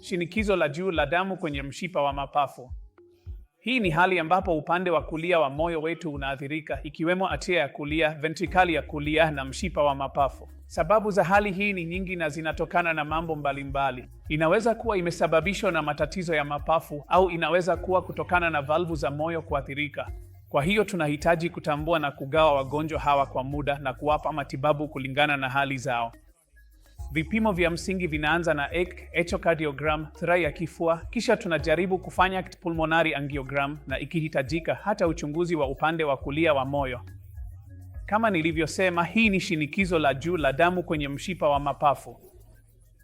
shinikizo la juu la damu kwenye mshipa wa mapafu. Hii ni hali ambapo upande wa kulia wa moyo wetu unaathirika, ikiwemo atia ya kulia, ventrikali ya kulia na mshipa wa mapafu. Sababu za hali hii ni nyingi na zinatokana na mambo mbalimbali. Inaweza kuwa imesababishwa na matatizo ya mapafu au inaweza kuwa kutokana na valvu za moyo kuathirika. Kwa hiyo tunahitaji kutambua na kugawa wagonjwa hawa kwa muda na kuwapa matibabu kulingana na hali zao. Vipimo vya msingi vinaanza na echocardiogram, thrai ya kifua, kisha tunajaribu kufanya pulmonary angiogram na ikihitajika hata uchunguzi wa upande wa kulia wa moyo. Kama nilivyosema, hii ni shinikizo la juu la damu kwenye mshipa wa mapafu.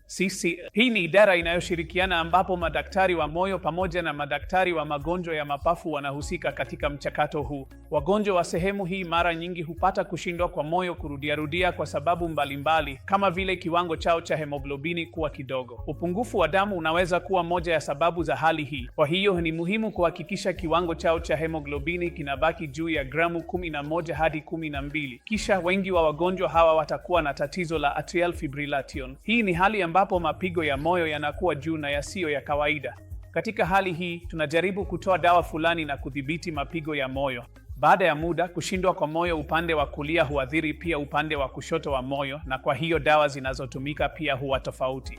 Sisi hii ni idara inayoshirikiana ambapo madaktari wa moyo pamoja na madaktari wa magonjwa ya mapafu wanahusika katika mchakato huu. Wagonjwa wa sehemu hii mara nyingi hupata kushindwa kwa moyo kurudiarudia kwa sababu mbalimbali mbali, kama vile kiwango chao cha hemoglobini kuwa kidogo. Upungufu wa damu unaweza kuwa moja ya sababu za hali hii. Kwa hiyo ni muhimu kuhakikisha kiwango chao cha hemoglobini kinabaki juu ya gramu 11 hadi 12. Kisha wengi wa wagonjwa hawa watakuwa na tatizo la atrial fibrillation. Hii ni hali ambapo mapigo ya moyo yanakuwa juu na yasiyo ya kawaida. Katika hali hii, tunajaribu kutoa dawa fulani na kudhibiti mapigo ya moyo. Baada ya muda, kushindwa kwa moyo upande wa kulia huathiri pia upande wa kushoto wa moyo, na kwa hiyo dawa zinazotumika pia huwa tofauti.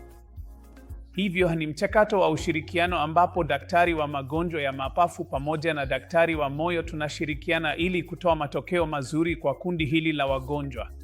Hivyo ni mchakato wa ushirikiano ambapo daktari wa magonjwa ya mapafu pamoja na daktari wa moyo tunashirikiana ili kutoa matokeo mazuri kwa kundi hili la wagonjwa.